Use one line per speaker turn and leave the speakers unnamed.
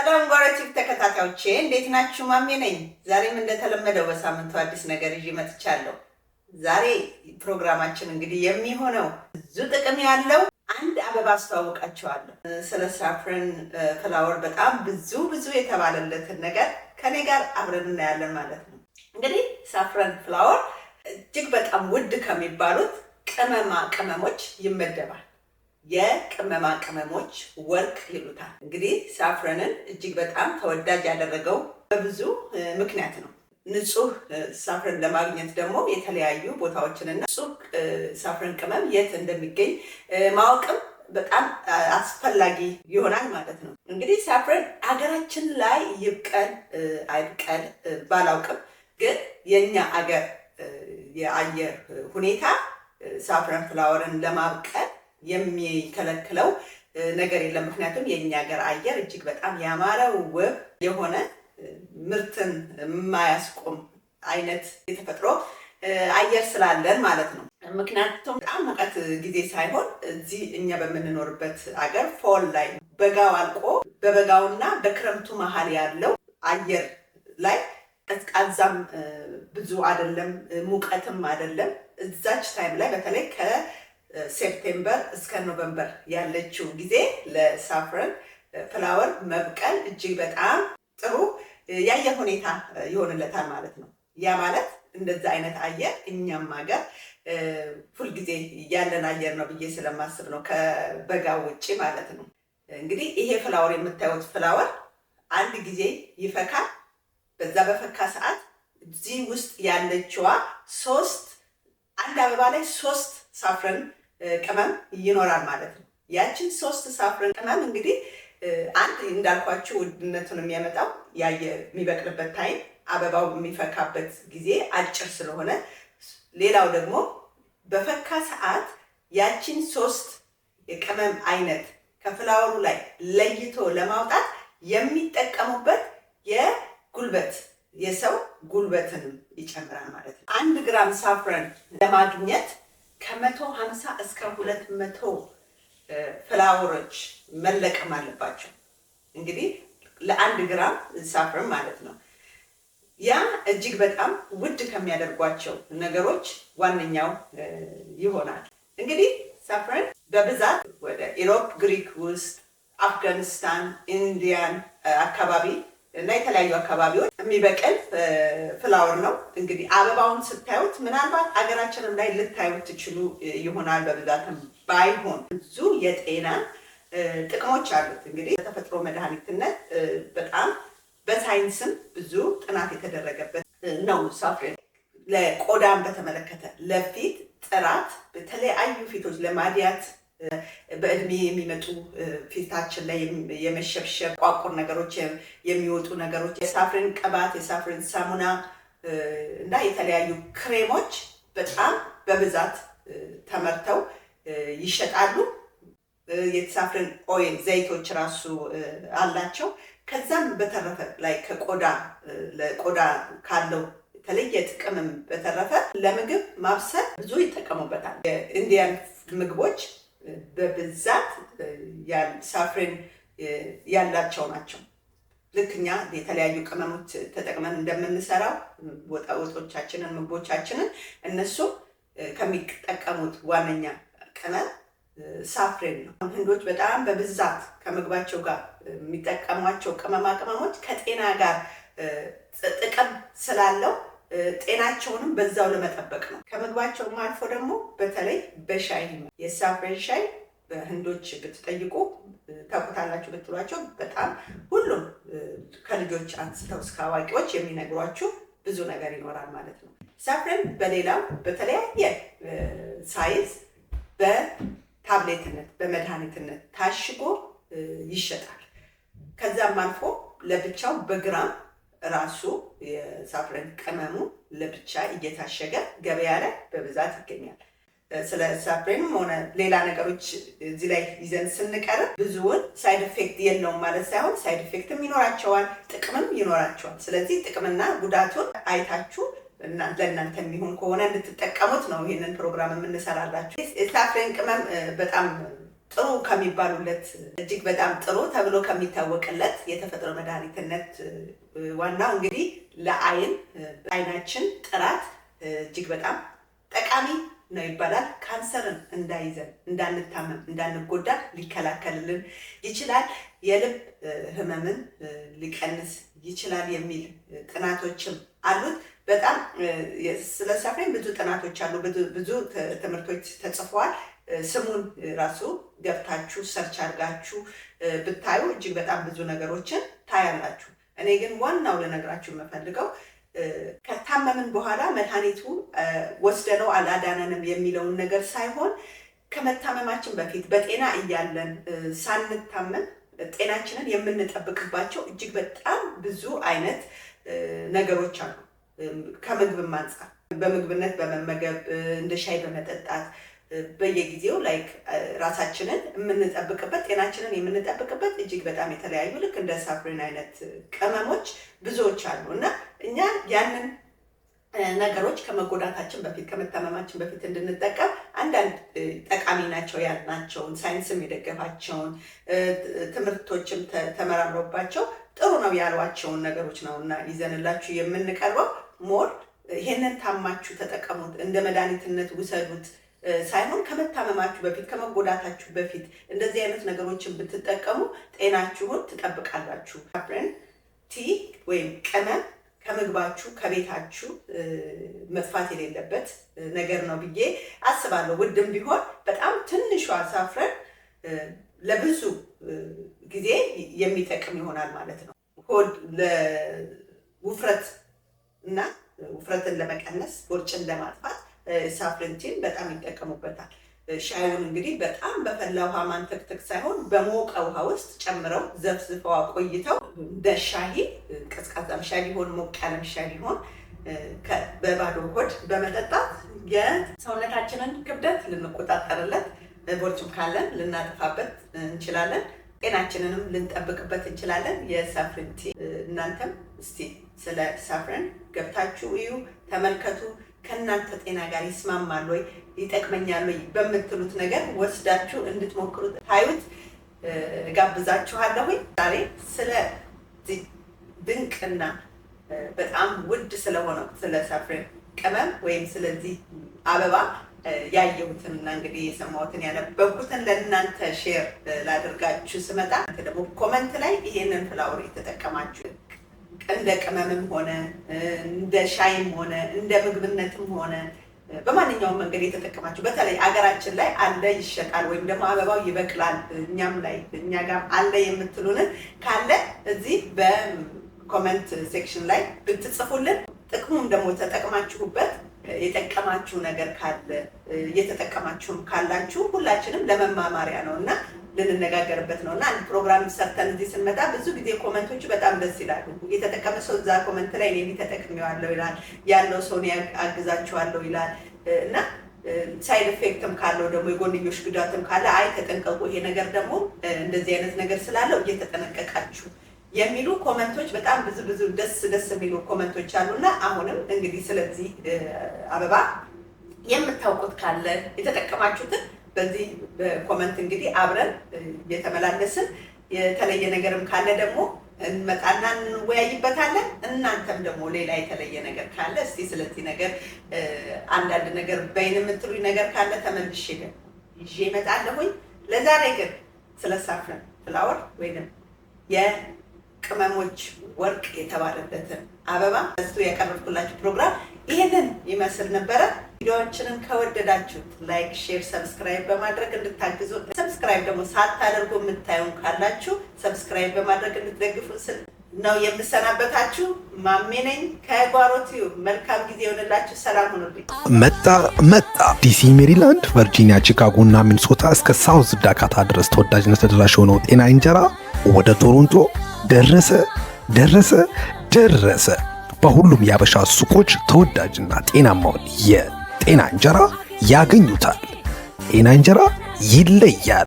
ሰላም ጓራቲቭ ተከታታዮቼ እንዴት ናችሁ? ማሜ ነኝ። ዛሬም እንደተለመደው በሳምንቱ አዲስ ነገር ይዤ መጥቻለሁ። ዛሬ ፕሮግራማችን እንግዲህ የሚሆነው ብዙ ጥቅም ያለው አንድ አበባ አስተዋውቃቸዋለሁ። ስለ ሳፍረን ፍላወር በጣም ብዙ ብዙ የተባለለትን ነገር ከኔ ጋር አብረን እናያለን ማለት ነው። እንግዲህ ሳፍረን ፍላወር እጅግ በጣም ውድ ከሚባሉት ቅመማ ቅመሞች ይመደባል። የቅመማ ቅመሞች ወርቅ ይሉታል። እንግዲህ ሳፍረንን እጅግ በጣም ተወዳጅ ያደረገው በብዙ ምክንያት ነው። ንጹህ ሳፍረን ለማግኘት ደግሞ የተለያዩ ቦታዎችንና ንጹህ ሳፍረን ቅመም የት እንደሚገኝ ማወቅም በጣም አስፈላጊ ይሆናል ማለት ነው። እንግዲህ ሳፍረን ሀገራችን ላይ ይብቀል አይብቀል ባላውቅም፣ ግን የእኛ አገር የአየር ሁኔታ ሳፍረን ፍላወርን ለማብቀል የሚከለክለው ነገር የለም። ምክንያቱም የእኛ ሀገር አየር እጅግ በጣም ያማረ ውብ የሆነ ምርትን የማያስቆም አይነት የተፈጥሮ አየር ስላለን ማለት ነው። ምክንያቱም በጣም ሙቀት ጊዜ ሳይሆን እዚህ እኛ በምንኖርበት አገር ፎል ላይ በጋው አልቆ በበጋውና በክረምቱ መሀል ያለው አየር ላይ ቀዝቃዛም ብዙ አይደለም፣ ሙቀትም አይደለም። እዛች ታይም ላይ በተለይ ከ ሴፕቴምበር እስከ ኖቨምበር ያለችው ጊዜ ለሳፍረን ፍላወር መብቀል እጅግ በጣም ጥሩ የአየር ሁኔታ ይሆንለታል ማለት ነው። ያ ማለት እንደዛ አይነት አየር እኛም ሀገር ሁልጊዜ ያለን አየር ነው ብዬ ስለማስብ ነው፣ ከበጋ ውጭ ማለት ነው። እንግዲህ ይሄ ፍላወር የምታዩት ፍላወር አንድ ጊዜ ይፈካል። በዛ በፈካ ሰዓት እዚህ ውስጥ ያለችዋ ሶስት አንድ አበባ ላይ ሶስት ሳፍረን ቅመም ይኖራል ማለት ነው። ያችን ሶስት ሳፍረን ቅመም እንግዲህ አንድ እንዳልኳችሁ ውድነቱን የሚያመጣው ያየ የሚበቅልበት ታይም አበባው የሚፈካበት ጊዜ አጭር ስለሆነ፣ ሌላው ደግሞ በፈካ ሰዓት ያችን ሶስት የቅመም አይነት ከፍላወሩ ላይ ለይቶ ለማውጣት የሚጠቀሙበት የጉልበት የሰው ጉልበትን ይጨምራል ማለት ነው። አንድ ግራም ሳፍረን ለማግኘት ከመቶ ሀምሳ እስከ ሁለት መቶ ፍላወሮች መለቀም አለባቸው። እንግዲህ ለአንድ ግራም ሳፍርን ማለት ነው። ያ እጅግ በጣም ውድ ከሚያደርጓቸው ነገሮች ዋነኛው ይሆናል። እንግዲህ ሳፍረን በብዛት ወደ ኢሮፕ፣ ግሪክ ውስጥ አፍጋኒስታን፣ ኢንዲያን አካባቢ እና የተለያዩ አካባቢዎች የሚበቅል ፍላወር ነው። እንግዲህ አበባውን ስታዩት ምናልባት አገራችንም ላይ ልታዩት ትችሉ ይሆናል። በብዛትም ባይሆን ብዙ የጤና ጥቅሞች አሉት። እንግዲህ በተፈጥሮ መድኃኒትነት በጣም በሳይንስም ብዙ ጥናት የተደረገበት ነው። ሳፍሬን ለቆዳን በተመለከተ ለፊት ጥራት በተለያዩ ፊቶች ለማድያት በእድሜ የሚመጡ ፊታችን ላይ የመሸብሸብ ቋቁር ነገሮች የሚወጡ ነገሮች፣ የሳፍሪን ቅባት፣ የሳፍሪን ሳሙና እና የተለያዩ ክሬሞች በጣም በብዛት ተመርተው ይሸጣሉ። የሳፍርን ኦይል ዘይቶች ራሱ አላቸው። ከዛም በተረፈ ላይ ከቆዳ ለቆዳ ካለው የተለየ ጥቅምም በተረፈ ለምግብ ማብሰል ብዙ ይጠቀሙበታል። የኢንዲያን ምግቦች በብዛት ሳፍሬን ያላቸው ናቸው። ልክ እኛ የተለያዩ ቅመሞች ተጠቅመን እንደምንሰራው ወጦቻችንን፣ ምግቦቻችንን እነሱ ከሚጠቀሙት ዋነኛ ቅመም ሳፍሬን ነው። ህንዶች በጣም በብዛት ከምግባቸው ጋር የሚጠቀሟቸው ቅመማ ቅመሞች ከጤና ጋር ጥቅም ስላለው ጤናቸውንም በዛው ለመጠበቅ ነው። ከምግባቸውም አልፎ ደግሞ በተለይ በሻይ የሳፍረን ሻይ በህንዶች ብትጠይቁ ታውቁታላችሁ ብትሏቸው በጣም ሁሉም ከልጆች አንስተው እስከ አዋቂዎች የሚነግሯችሁ ብዙ ነገር ይኖራል ማለት ነው። ሳፍረን በሌላው በተለያየ ሳይዝ በታብሌትነት በመድኃኒትነት ታሽጎ ይሸጣል። ከዛም አልፎ ለብቻው በግራም ራሱ የሳፍረን ቅመሙ ለብቻ እየታሸገ ገበያ ላይ በብዛት ይገኛል። ስለ ሳፍሬንም ሆነ ሌላ ነገሮች እዚህ ላይ ይዘን ስንቀርብ ብዙውን ሳይድ ኢፌክት የለውም ማለት ሳይሆን ሳይድ ኢፌክትም ይኖራቸዋል፣ ጥቅምም ይኖራቸዋል። ስለዚህ ጥቅምና ጉዳቱን አይታችሁ ለእናንተ የሚሆን ከሆነ እንድትጠቀሙት ነው ይህንን ፕሮግራም የምንሰራላችሁ። የሳፍሬን ቅመም በጣም ጥሩ ከሚባሉለት እጅግ በጣም ጥሩ ተብሎ ከሚታወቅለት የተፈጥሮ መድኃኒትነት ዋናው እንግዲህ ለአይን አይናችን ጥራት እጅግ በጣም ጠቃሚ ነው ይባላል። ካንሰርን እንዳይዘን፣ እንዳንታመም፣ እንዳንጎዳ ሊከላከልልን ይችላል። የልብ ህመምን ሊቀንስ ይችላል የሚል ጥናቶችም አሉት። በጣም ስለ ሳፍሬን ብዙ ጥናቶች አሉ፣ ብዙ ትምህርቶች ተጽፈዋል። ስሙን ራሱ ገብታችሁ ሰርች አድርጋችሁ ብታዩ እጅግ በጣም ብዙ ነገሮችን ታያላችሁ። እኔ ግን ዋናው ልነግራችሁ የምፈልገው ከታመምን በኋላ መድኃኒቱ ወስደነው አላዳነንም የሚለውን ነገር ሳይሆን ከመታመማችን በፊት በጤና እያለን ሳንታመም ጤናችንን የምንጠብቅባቸው እጅግ በጣም ብዙ አይነት ነገሮች አሉ። ከምግብም አንጻር በምግብነት በመመገብ እንደ ሻይ በመጠጣት በየጊዜው ላይክ uh, ራሳችንን የምንጠብቅበት ጤናችንን የምንጠብቅበት እጅግ በጣም የተለያዩ ልክ እንደ ሳፍሪን አይነት ቅመሞች ብዙዎች አሉ እና እኛ ያንን uh, ነገሮች ከመጎዳታችን በፊት ከመታመማችን በፊት እንድንጠቀም አንዳንድ uh, ጠቃሚ ናቸው ያልናቸውን ሳይንስም የደገፋቸውን ትምህርቶችም ተመራምሮባቸው ጥሩ ነው ያሏቸውን ነገሮች ነው እና ይዘንላችሁ የምንቀርበው ሞር ይሄንን ታማችሁ ተጠቀሙት፣ እንደ መድኃኒትነት ውሰዱት ሳይሆን ከመታመማችሁ በፊት ከመጎዳታችሁ በፊት እንደዚህ አይነት ነገሮችን ብትጠቀሙ ጤናችሁን ትጠብቃላችሁ። አፕረን ቲ ወይም ቅመም ከምግባችሁ ከቤታችሁ መጥፋት የሌለበት ነገር ነው ብዬ አስባለሁ። ውድም ቢሆን በጣም ትንሿ ሳፍረን ለብዙ ጊዜ የሚጠቅም ይሆናል ማለት ነው። ሆድ ለውፍረት እና ውፍረትን ለመቀነስ ቦርጭን ለማጥፋት ሳፍረንቲን በጣም ይጠቀሙበታል። ሻዩን እንግዲህ በጣም በፈላ ውሃ ማንተክተክ ሳይሆን በሞቀ ውሃ ውስጥ ጨምረው ዘፍዝፈዋ ቆይተው በሻሂ ቀዝቃዛም ሻይ ሊሆን ሞቅ ያለም ሻይ ሊሆን በባዶ ሆድ በመጠጣት የሰውነታችንን ክብደት ልንቆጣጠርለት፣ ቦርጭም ካለን ልናጠፋበት እንችላለን። ጤናችንንም ልንጠብቅበት እንችላለን። የሳፍርን ቲ እናንተም እስቲ ስለ ሳፍረን ገብታችሁ እዩ፣ ተመልከቱ። ከእናንተ ጤና ጋር ይስማማል ወይ ይጠቅመኛል ወይ በምትሉት ነገር ወስዳችሁ እንድትሞክሩት ታዩት ጋብዛችኋለሁኝ። ዛሬ ስለ ድንቅና በጣም ውድ ስለሆነው ስለ ሳፍረን ቅመም ወይም ስለዚህ አበባ ያየሁትን እንግዲህ የሰማሁትን ያነበብኩትን ለእናንተ ሼር ላድርጋችሁ ስመጣ ደግሞ ኮመንት ላይ ይሄንን ፍላውር የተጠቀማችሁ እንደ ቅመምም ሆነ እንደ ሻይም ሆነ እንደ ምግብነትም ሆነ በማንኛውም መንገድ የተጠቀማችሁ በተለይ አገራችን ላይ አለ ይሸጣል፣ ወይም ደግሞ አበባው ይበቅላል እኛም ላይ እኛ ጋር አለ የምትሉንን ካለ እዚህ በኮመንት ሴክሽን ላይ ብትጽፉልን ጥቅሙም ደግሞ ተጠቅማችሁበት የጠቀማችሁ ነገር ካለ እየተጠቀማችሁም ካላችሁ ሁላችንም ለመማማሪያ ነው እና ልንነጋገርበት ነው እና አንድ ፕሮግራም ሰርተን እዚህ ስንመጣ ብዙ ጊዜ ኮመንቶቹ በጣም ደስ ይላሉ። የተጠቀመ ሰው እዛ ኮመንት ላይ እኔ ተጠቅሜዋለሁ ይላል፣ ያለው ሰው አግዛችኋለሁ ይላል እና ሳይድ ኢፌክትም ካለው ደግሞ የጎንዮሽ ጉዳትም ካለ አይ ተጠንቀቁ፣ ይሄ ነገር ደግሞ እንደዚህ አይነት ነገር ስላለው እየተጠነቀቃችሁ የሚሉ ኮመንቶች በጣም ብዙ ብዙ ደስ ደስ የሚሉ ኮመንቶች አሉና አሁንም እንግዲህ ስለዚህ አበባ የምታውቁት ካለ የተጠቀማችሁትን በዚህ ኮመንት እንግዲህ አብረን እየተመላለስን የተለየ ነገርም ካለ ደግሞ እንመጣና እንወያይበታለን። እናንተም ደግሞ ሌላ የተለየ ነገር ካለ እስቲ ስለዚህ ነገር አንዳንድ ነገር በይን የምትሉ ነገር ካለ ተመልሼ ይዤ እመጣለሁኝ። ለዛሬ ግን ስለ ሳፍረን ፍላወር ወይንም ቅመሞች ወርቅ የተባለበትን አበባ እሱ ያቀረብኩላችሁ ፕሮግራም ይህንን ይመስል ነበረ። ቪዲዮዎችንን ከወደዳችሁት ላይክ፣ ሼር፣ ሰብስክራይብ በማድረግ እንድታግዙ ሰብስክራይብ ደግሞ ሳታደርጉ የምታዩን ካላችሁ ሰብስክራይብ በማድረግ እንድትደግፉ ስል ነው የምሰናበታችሁ። ማሜ ነኝ ከጓሮ ቲዩብ። መልካም ጊዜ የሆነላችሁ። ሰላም ሁኑልኝ።
መጣ መጣ ዲሲ፣ ሜሪላንድ፣ ቨርጂኒያ፣ ቺካጎ እና ሚኒሶታ እስከ ሳውዝ ዳካታ ድረስ ተወዳጅነት ተደራሽ የሆነው ጤና እንጀራ ወደ ቶሮንቶ ደረሰ ደረሰ ደረሰ። በሁሉም የአበሻ ሱቆች ተወዳጅና ጤናማውን የጤና እንጀራ ያገኙታል። ጤና እንጀራ ይለያል።